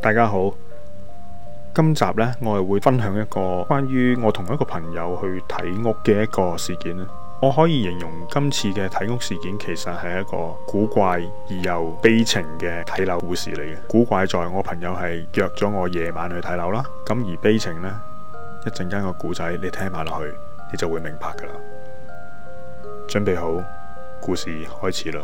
大家好，今集呢，我係會分享一個關於我同一個朋友去睇屋嘅一個事件。我可以形容今次嘅睇屋事件，其實係一個古怪而又悲情嘅睇樓故事嚟嘅。古怪在我朋友係約咗我夜晚去睇樓啦。咁而悲情呢，一陣間個故仔你聽埋落去，你就會明白噶啦。準備好，故事開始啦。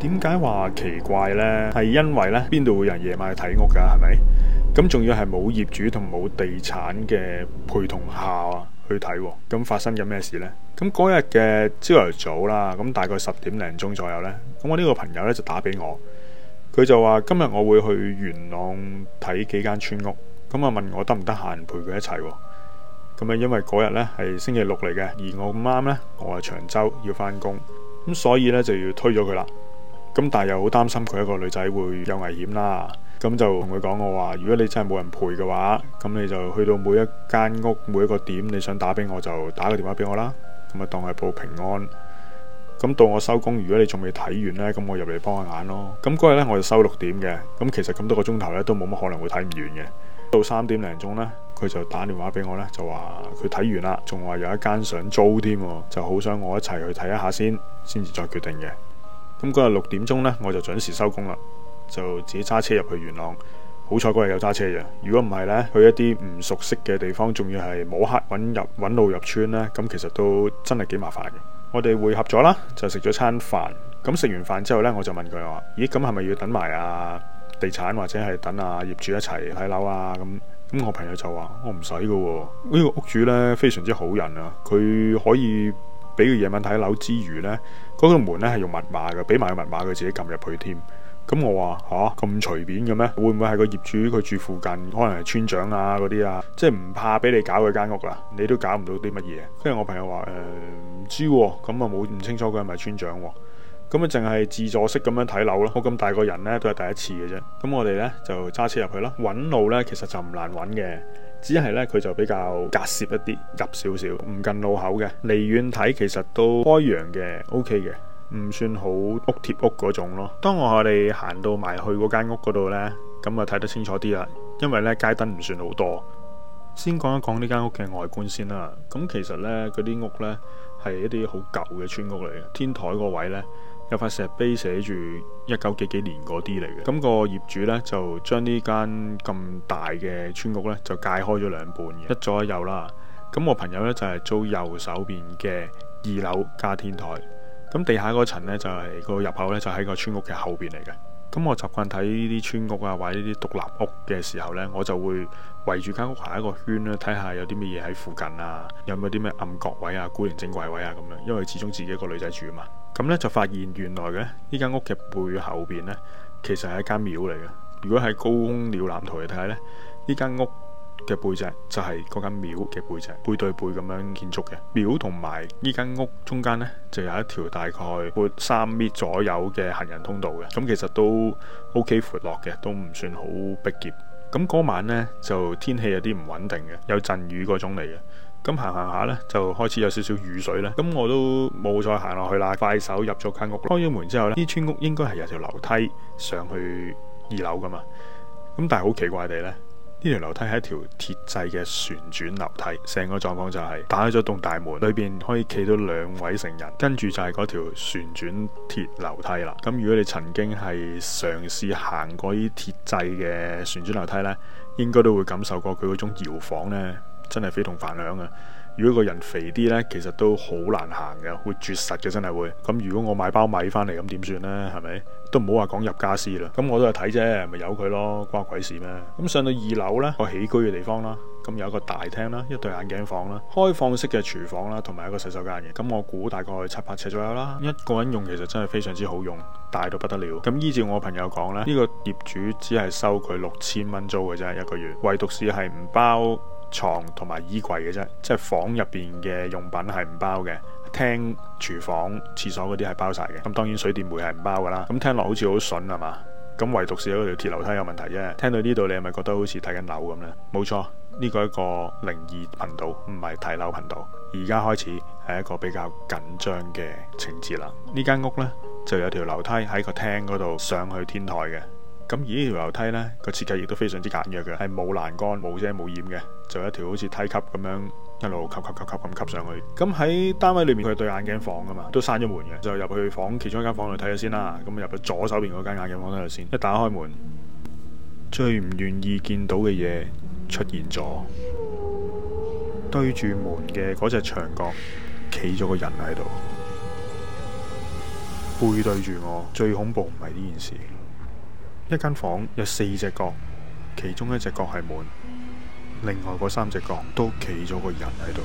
點解話奇怪呢？係因為呢邊度會有人夜晚去睇屋噶？係咪？咁仲要係冇業主同冇地產嘅陪同下啊，去睇。咁發生緊咩事呢？咁嗰日嘅朝頭早啦，咁大概十點零鐘左右呢。咁我呢個朋友呢，就打俾我，佢就話，今日我會去元朗睇幾間村屋，咁啊問我得唔得閒陪佢一齊。咁啊，因為嗰日咧係星期六嚟嘅，而我咁啱咧，我係長洲要返工，咁所以咧就要推咗佢啦。咁但係又好擔心佢一個女仔會有危險啦，咁就同佢講我話：如果你真係冇人陪嘅話，咁你就去到每一間屋每一個點，你想打俾我就打個電話俾我啦。咁啊當係報平安。咁到我收工，如果你仲未睇完咧，咁我入嚟幫下眼咯。咁嗰日咧我就收六點嘅，咁其實咁多個鐘頭咧都冇乜可能會睇唔完嘅。到三點零鐘咧。佢就打電話俾我咧，就話佢睇完啦，仲話有一間想租添，就好想我一齊去睇一下先，先至再決定嘅。咁嗰日六點鐘呢，我就準時收工啦，就自己揸車入去元朗。好彩嗰日有揸車嘅，如果唔係呢，去一啲唔熟悉嘅地方，仲要係摸黑揾入搵路入村呢。咁其實都真係幾麻煩嘅。我哋會合咗啦，就食咗餐飯。咁食完飯之後呢，我就問佢話：咦，咁係咪要等埋啊地產或者係等啊業主一齊睇樓啊？咁咁我朋友就話：我唔使噶喎，呢個屋主呢，非常之好人啊！佢可以俾佢夜晚睇樓之餘呢，嗰個門呢係用密碼嘅，俾埋個密碼佢自己撳入去添。咁我話吓？咁隨便嘅咩？會唔會係個業主佢住附近，可能係村長啊嗰啲啊，即係唔怕俾你搞佢間屋啊？你都搞唔到啲乜嘢。跟住我朋友話：誒唔知喎，咁啊冇唔清楚佢係咪村長喎。咁啊，淨係自助式咁樣睇樓咯。我咁大個人呢，都係第一次嘅啫。咁我哋呢，就揸車入去啦。揾路呢，其實就唔難揾嘅，只係呢，佢就比較隔涉一啲，入少少唔近路口嘅。離遠睇其實都開揚嘅，OK 嘅，唔算好屋貼屋嗰種咯。當我哋行到埋去嗰間屋嗰度呢，咁啊睇得清楚啲啦，因為呢，街燈唔算好多。先講一講呢間屋嘅外觀先啦。咁其實呢，嗰啲屋呢，係一啲好舊嘅村屋嚟嘅，天台嗰位呢。有塊石碑寫住一九幾幾年嗰啲嚟嘅。咁、個業主呢，就將呢間咁大嘅村屋呢，就界開咗兩半嘅，一左一右啦。咁我朋友呢，就係、是、租右手邊嘅二樓加天台，咁地下嗰層咧就係、是個入口呢就喺、是、個村屋嘅後邊嚟嘅。咁我習慣睇呢啲村屋啊，或者啲獨立屋嘅時候呢，我就會圍住間屋行一個圈咧，睇下有啲乜嘢喺附近啊，有冇啲咩暗角位啊、古靈精怪位啊咁樣。因為始終自己一個女仔住啊嘛，咁呢，就發現原來嘅呢間屋嘅背後邊呢，其實係一間廟嚟嘅。如果喺高空鳥瞰圖嚟睇咧，呢間屋嘅背脊就係、是、嗰間廟嘅背脊，背對背咁樣建築嘅廟同埋呢間屋中間呢，就有一條大概闊三米左右嘅行人通道嘅，咁、嗯、其實都 O、OK、K 闊落嘅，都唔算好逼狹。咁、嗯、嗰、那個、晚呢，就天氣有啲唔穩定嘅，有陣雨嗰種嚟嘅。咁行行下呢，就開始有少少雨水咧，咁、嗯、我都冇再行落去啦，快手入咗間屋。開咗門之後呢，呢村屋應該係有條樓梯上去二樓㗎嘛。咁、嗯、但係好奇怪地呢。呢條樓梯係一條鐵製嘅旋轉樓梯，成個狀況就係打開咗棟大門，裏邊可以企到兩位成人，跟住就係嗰條旋轉鐵樓梯啦。咁如果你曾經係嘗試行過呢鐵製嘅旋轉樓梯呢，應該都會感受過佢嗰種搖晃呢，真係非同凡響啊！如果個人肥啲呢，其實都好難行嘅，會絕實嘅，真係會。咁如果我買包米翻嚟，咁點算呢？係咪？都唔好話講入家私啦。咁我都係睇啫，咪由佢咯，關鬼事咩？咁上到二樓呢，個起居嘅地方啦，咁有一個大廳啦，一對眼鏡房啦，開放式嘅廚房啦，同埋一個洗手間嘅。咁我估大概七百尺左右啦，一個人用其實真係非常之好用，大到不得了。咁依照我朋友講呢，呢個業主只係收佢六千蚊租嘅啫，一個月，唯獨是係唔包牀同埋衣櫃嘅啫，即係房入邊嘅用品係唔包嘅。廳、廚房、廁所嗰啲係包曬嘅。咁當然水電煤係唔包㗎啦。咁聽落好似好筍係嘛？咁唯獨是嗰條鐵樓梯有問題啫。聽到呢度你係咪覺得好似睇緊樓咁咧？冇錯，呢個係一個靈異頻道，唔係睇樓頻道。而家開始係一個比較緊張嘅情節啦。呢間屋咧就有條樓梯喺個廳嗰度上去天台嘅。咁而呢條樓梯咧個設計亦都非常之簡約嘅，係冇欄杆、冇遮、冇掩嘅。就一條好似梯級咁樣，一路級級級級咁級上去。咁喺單位裏面，佢係對眼鏡房噶嘛，都閂咗門嘅。就入去房其中一間房度睇下先啦。咁入去左手邊嗰間眼鏡房度先。一打開門，最唔願意見到嘅嘢出現咗，對住門嘅嗰隻牆角企咗個人喺度，背對住我。最恐怖唔係呢件事，一間房有四隻角，其中一隻角係門。另外嗰三隻角都企咗個人喺度，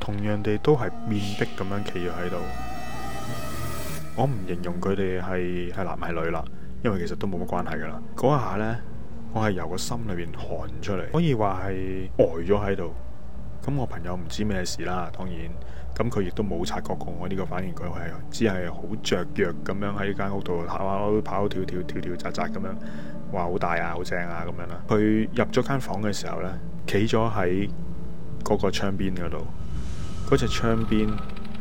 同樣地都係面壁咁樣企咗喺度。我唔形容佢哋係係男係女啦，因為其實都冇乜關係噶啦。嗰一下呢，我係由個心裏邊寒出嚟，可以話係呆咗喺度。咁我朋友唔知咩事啦，當然。咁佢亦都冇察覺過我呢個反應，佢係只係好雀躍咁樣喺間屋度跑跑跳跳跳跳扎扎咁樣，嘩，好大啊，好正啊咁樣啦。佢入咗間房嘅時候呢，企咗喺嗰個窗邊嗰度，嗰隻窗邊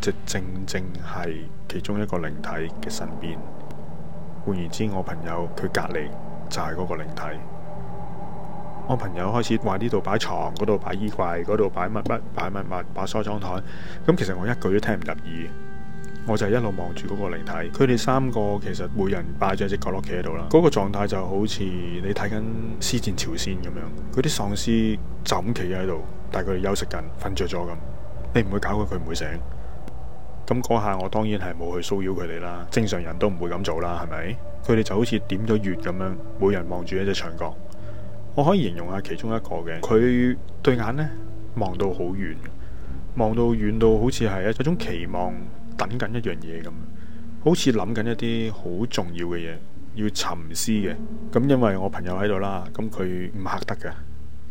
就正正係其中一個靈體嘅身邊。換言之，我朋友佢隔離就係嗰個靈體。我朋友開始話呢度擺床，嗰度擺衣櫃，嗰度擺物物，擺物物，擺梳妝台。咁其實我一句都聽唔入耳，我就一路望住嗰個靈體。佢哋三個其實每人擺咗一隻角落企喺度啦，嗰個狀態就好似你睇緊《屍戰朝鮮》咁樣，嗰啲喪屍就咁企喺度，但係佢哋休息緊，瞓着咗咁。你唔會搞佢，佢唔會醒。咁嗰下我當然係冇去騷擾佢哋啦，正常人都唔會咁做啦，係咪？佢哋就好似點咗穴咁樣，每人望住一隻牆角。我可以形容下其中一個嘅，佢對眼呢，望到好遠，望到遠到好似係一種期望等緊一樣嘢咁，好似諗緊一啲好重要嘅嘢要沉思嘅。咁因為我朋友喺度啦，咁佢唔嚇得嘅，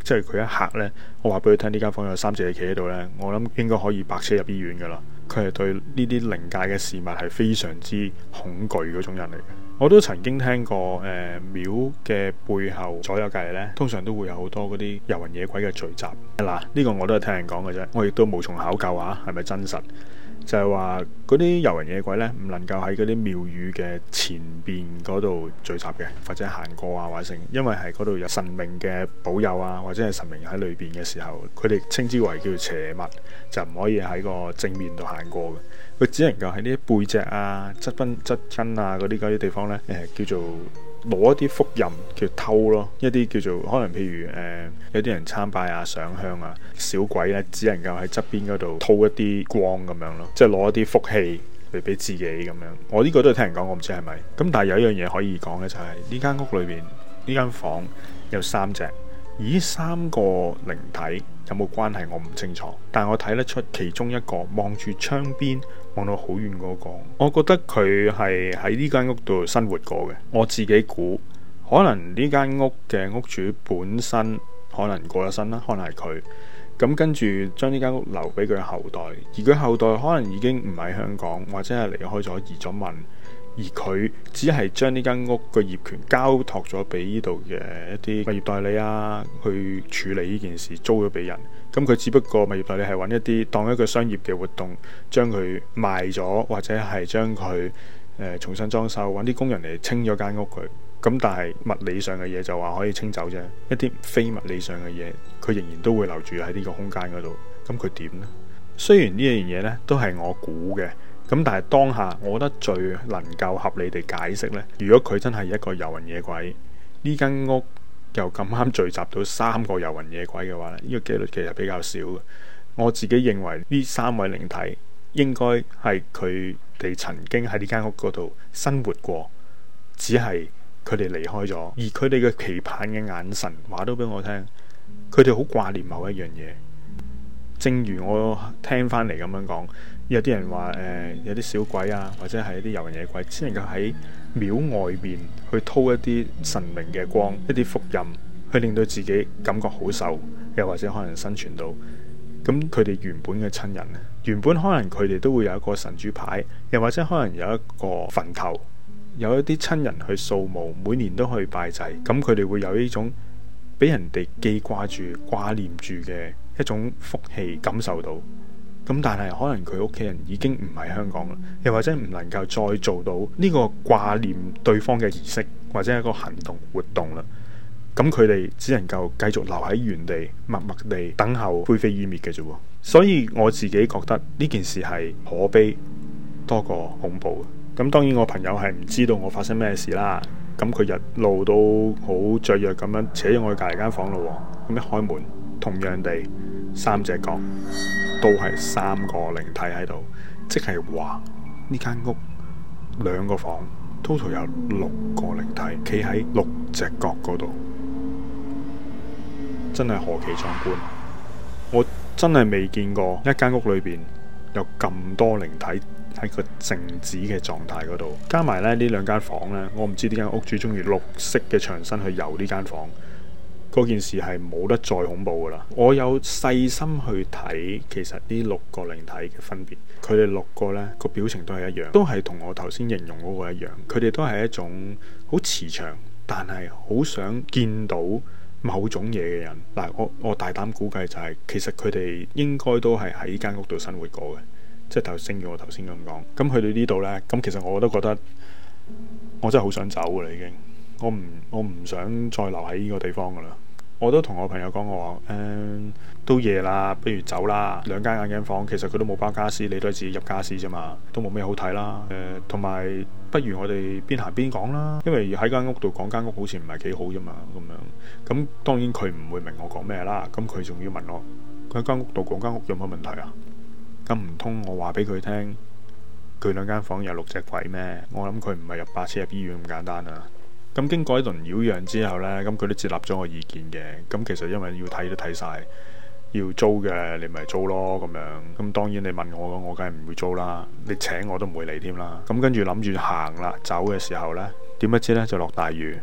即係佢一嚇呢，我話俾佢聽呢間房有三隻嘢企喺度呢，我諗應該可以白車入醫院噶啦。佢係對呢啲靈界嘅事物係非常之恐懼嗰種人嚟嘅。我都曾經聽過，誒，廟嘅背後左右隔籬呢，通常都會有好多嗰啲遊魂野鬼嘅聚集。嗱，呢個我都係聽人講嘅啫，我亦都無從考究啊，係咪真實？就係話嗰啲遊人野鬼咧，唔能夠喺嗰啲廟宇嘅前邊嗰度聚集嘅，或者行過啊，或者成，因為係嗰度有神明嘅保佑啊，或者係神明喺裏邊嘅時候，佢哋稱之為叫做邪物，就唔可以喺個正面度行過嘅，佢只能夠喺啲背脊啊、側身、側根啊嗰啲嗰啲地方咧，誒叫做。攞一啲福蔭叫偷咯，一啲叫做可能譬如誒、呃、有啲人參拜啊、上香啊，小鬼咧只能夠喺側邊嗰度偷一啲光咁樣咯，即係攞一啲福氣嚟俾自己咁樣。我呢個都係聽人講，我唔知係咪。咁但係有一樣嘢可以講咧，就係呢間屋裏面，呢間房有三隻，而三個靈體有冇關係我唔清楚，但我睇得出其中一個望住窗邊。望到好遠嗰個，我覺得佢係喺呢間屋度生活過嘅。我自己估，可能呢間屋嘅屋主本身可能過咗身啦，可能係佢。咁跟住將呢間屋留俾佢後代，而佢後代可能已經唔喺香港，或者係離開咗，移咗民。而佢只係將呢間屋嘅業權交託咗俾呢度嘅一啲物業代理啊，去處理呢件事，租咗俾人。咁佢只不過物業代理係揾一啲當一個商業嘅活動，將佢賣咗或者係將佢誒重新裝修，揾啲工人嚟清咗間屋佢。咁但係物理上嘅嘢就話可以清走啫，一啲非物理上嘅嘢，佢仍然都會留住喺呢個空間嗰度。咁佢點呢？雖然呢樣嘢呢都係我估嘅。咁但係當下，我覺得最能夠合理地解釋呢，如果佢真係一個遊魂野鬼，呢間屋又咁啱聚集到三個遊魂野鬼嘅話咧，呢個幾率其實比較少嘅。我自己認為呢三位靈體應該係佢哋曾經喺呢間屋嗰度生活過，只係佢哋離開咗，而佢哋嘅期盼嘅眼神，話都俾我聽，佢哋好掛念某一樣嘢。正如我聽返嚟咁樣講。有啲人話誒、呃，有啲小鬼啊，或者係一啲遊魂野鬼，只能夠喺廟外面去偷一啲神明嘅光，一啲福蔭，去令到自己感覺好受，又或者可能生存到。咁佢哋原本嘅親人咧，原本可能佢哋都會有一個神主牌，又或者可能有一個墳頭，有一啲親人去掃墓，每年都去拜祭，咁佢哋會有呢種俾人哋記掛住、掛念住嘅一種福氣感受到。咁但係可能佢屋企人已經唔喺香港啦，又或者唔能夠再做到呢個掛念對方嘅儀式或者一個行動活動啦。咁佢哋只能夠繼續留喺原地，默默地等候灰飛煙滅嘅啫。所以我自己覺得呢件事係可悲多過恐怖嘅。咁當然我朋友係唔知道我發生咩事啦。咁佢日路都好雀躍咁樣扯咗我去隔離間房咯。咁一開門，同樣地三隻角。都係三個靈體喺度，即係話呢間屋兩個房 total 有六個靈體企喺六隻角嗰度，真係何其壯觀！我真係未見過一間屋裏邊有咁多靈體喺個靜止嘅狀態嗰度。加埋呢呢兩間房呢，我唔知呢間屋主中意綠色嘅牆身去遊呢間房。嗰件事係冇得再恐怖噶啦！我有細心去睇，其實呢六個靈體嘅分別，佢哋六個呢個表情都係一樣，都係同我頭先形容嗰個一樣。佢哋都係一種好慈祥，但係好想見到某種嘢嘅人。但我我大膽估計就係、是，其實佢哋應該都係喺間屋度生活過嘅，即係正如我頭先咁講。咁去到呢度呢，咁其實我都覺得我真係好想走噶啦，已經。我唔我唔想再留喺呢個地方噶啦。我都同我朋友講，我話：誒，都夜啦，不如走啦。兩間眼鏡房其實佢都冇包家私，你都係自己入家私啫嘛，都冇咩好睇啦。誒、呃，同埋不如我哋邊行邊講啦，因為喺間屋度講間屋好似唔係幾好啫嘛，咁樣。咁當然佢唔會明我講咩啦，咁佢仲要問我，佢喺間屋度講間屋有冇問題啊？咁唔通我話俾佢聽，佢兩間房有六隻鬼咩？我諗佢唔係入八車入醫院咁簡單啊！咁經過一頓擾攘之後咧，咁佢都接納咗我意見嘅。咁其實因為要睇都睇晒，要租嘅你咪租咯。咁樣咁當然你問我，我梗係唔會租啦。你請我都唔會嚟添啦。咁跟住諗住行啦，走嘅時候咧，點不知咧就落大雨，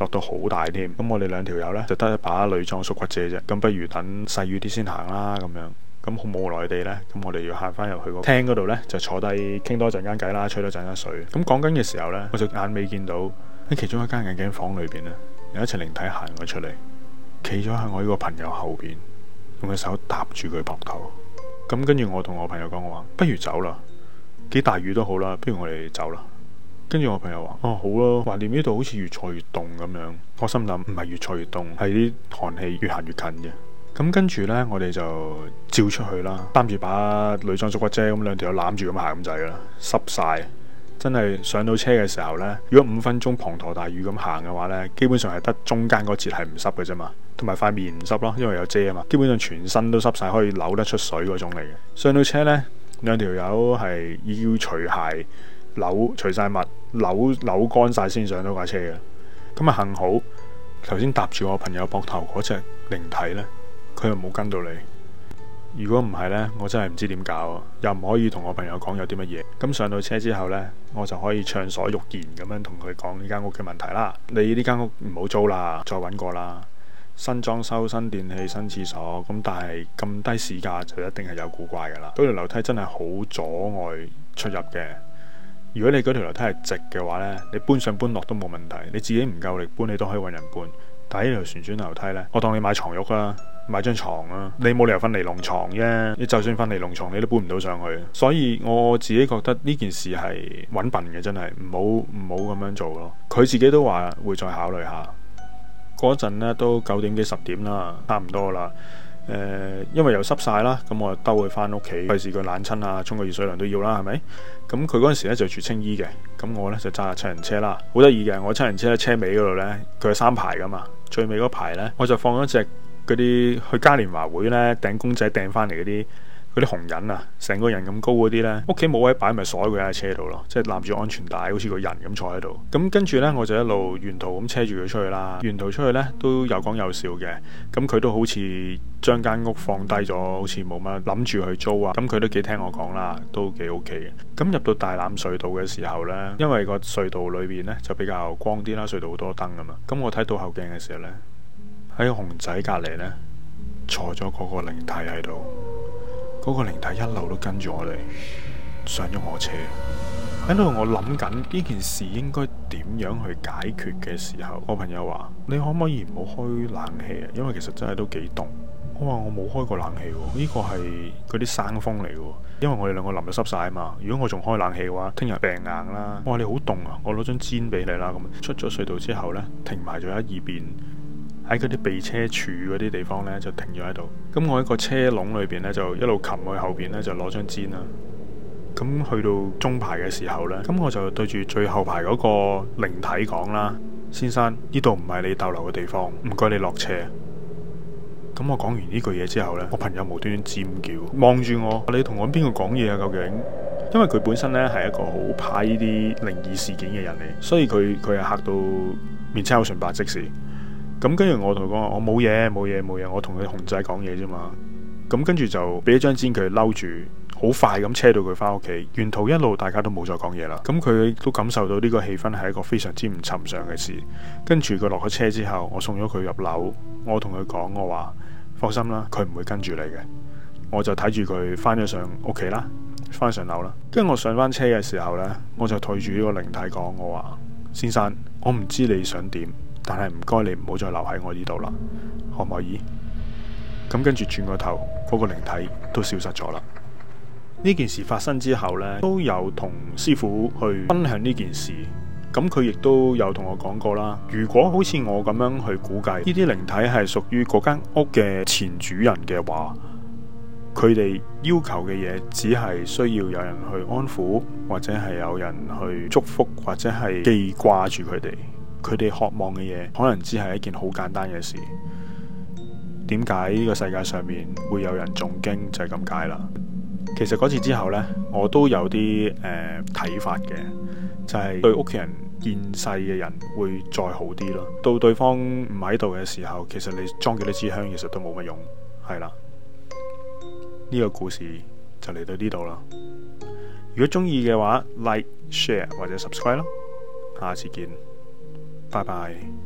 落到好大添。咁我哋兩條友咧就得一把女裝縮骨遮啫。咁不如等細雨啲先行啦。咁樣咁好無奈地咧，咁我哋要行返入去個廳嗰度咧，就坐低傾多陣間偈啦，吹多陣間水。咁講緊嘅時候咧，我就眼尾見到。喺其中一間眼鏡房裏邊啊，有一隻靈體行咗出嚟，企咗喺我呢個朋友後邊，用隻手搭住佢膊頭。咁跟住我同我朋友講話，不如走啦，幾大雨都好啦，不如我哋走啦。跟住我朋友話：哦，好咯，懷念呢度，好似越坐越凍咁樣。我心諗唔係越坐越凍，係啲寒氣越行越近嘅。咁跟住呢，我哋就照出去啦，擔住把女裝竹骨遮，咁兩條攬住咁行咁滯啦，濕晒。真係上到車嘅時候呢，如果五分鐘滂沱大雨咁行嘅話呢，基本上係得中間個節係唔濕嘅啫嘛，同埋塊面唔濕咯，因為有遮啊嘛，基本上全身都濕晒，可以扭得出水嗰種嚟嘅。上到車呢，兩條友係要除鞋、扭除晒襪、扭扭乾晒先上到架車嘅。咁啊，幸好頭先搭住我朋友膊頭嗰隻靈體呢，佢又冇跟到你。如果唔係呢，我真係唔知點搞，又唔可以同我朋友講有啲乜嘢。咁上到車之後呢，我就可以暢所欲言咁樣同佢講呢間屋嘅問題啦。你呢間屋唔好租啦，再搵過啦。新裝修、新電器、新廁所，咁但係咁低市價就一定係有古怪噶啦。嗰條樓梯真係好阻礙出入嘅。如果你嗰條樓梯係直嘅話呢，你搬上搬落都冇問題，你自己唔夠力搬，你都可以揾人搬。但係呢條旋轉樓梯呢，我當你買床褥啊。買張床啊，你冇理由瞓尼龍床啫。你就算瞓尼龍床，你都搬唔到上去。所以我自己覺得呢件事係揾笨嘅，真係唔好唔好咁樣做咯。佢自己都話會再考慮下嗰陣咧，都九點幾十點啦，差唔多啦。誒、呃，因為又濕晒啦，咁我就兜佢翻屋企，費事佢冷親啊，沖個熱水涼都要啦，係咪？咁佢嗰陣時咧就住青衣嘅，咁我呢就揸下七人車啊，好得意嘅。我七人車咧車尾嗰度呢，佢係三排噶嘛，最尾嗰排呢，我就放咗隻。嗰啲去嘉年華會呢，掟公仔掟翻嚟嗰啲，嗰啲紅人啊，成個人咁高嗰啲呢，屋企冇位擺咪、就是、鎖佢喺車度咯，即係攬住安全帶，好似個人咁坐喺度。咁跟住呢，我就一路沿途咁車住佢出去啦。沿途出去呢，都有講有笑嘅，咁佢都好似將間屋放低咗，好似冇乜諗住去租啊。咁佢都幾聽我講啦，都幾 OK 嘅。咁入到大欖隧道嘅時候呢，因為個隧道裏邊呢，就比較光啲啦，隧道好多燈㗎嘛。咁我睇到後鏡嘅時候呢。喺個熊仔隔籬呢，坐咗嗰個靈體喺度，嗰、嗰個靈體一路都跟住我哋，上咗我車。喺度我諗緊呢件事應該點樣去解決嘅時候，我朋友話：你可唔可以唔好開冷氣啊？因為其實真係都幾凍。我話我冇開過冷氣喎，呢、呢個係嗰啲生風嚟嘅。因為我哋兩個淋到濕晒啊嘛，如果我仲開冷氣嘅話，聽日病硬啦。我話你好凍啊，我攞張氈俾你啦。咁出咗隧道之後呢，停埋咗喺一邊。喺嗰啲避車處嗰啲地方呢，就停咗喺度。咁我喺個車籠裏邊呢，就一路擒去後邊呢，就攞張氈啦。咁去到中排嘅時候呢，咁我就對住最後排嗰個靈體講啦：先生，呢度唔係你逗留嘅地方，唔該你落車。咁我講完呢句嘢之後呢，我朋友無端端尖叫，望住我：你同我邊個講嘢啊？究竟？因為佢本身呢係一個好怕呢啲靈異事件嘅人嚟，所以佢佢係嚇到面青口唇白即時。咁跟住我同佢講話，我冇嘢，冇嘢，冇嘢，我同佢雄仔講嘢啫嘛。咁跟住就俾一張氈，佢嬲住，好快咁車到佢返屋企。沿途一路大家都冇再講嘢啦。咁佢都感受到呢個氣氛係一個非常之唔尋常嘅事。跟住佢落咗車之後，我送咗佢入樓。我同佢講我話：放心啦，佢唔會跟住你嘅。我就睇住佢返咗上屋企啦，返上樓啦。跟住我上返車嘅時候呢，我就對住呢個靈體講我話：先生，我唔知你想點。但係唔該，你唔好再留喺我呢度啦，可唔可以？咁跟住轉個頭，嗰個靈體都消失咗啦。呢件事發生之後呢，都有同師傅去分享呢件事。咁佢亦都有同我講過啦。如果好似我咁樣去估計，呢啲靈體係屬於嗰間屋嘅前主人嘅話，佢哋要求嘅嘢，只係需要有人去安撫，或者係有人去祝福，或者係記掛住佢哋。佢哋渴望嘅嘢，可能只係一件好簡單嘅事。點解呢個世界上面會有人誦經就係咁解啦。其實嗰次之後呢，我都有啲誒睇法嘅，就係、是、對屋企人現世嘅人會再好啲咯。到對方唔喺度嘅時候，其實你裝幾多支香，其實都冇乜用，係啦。呢、這個故事就嚟到呢度啦。如果中意嘅話，Like Share 或者 Subscribe 咯。下次見。拜拜。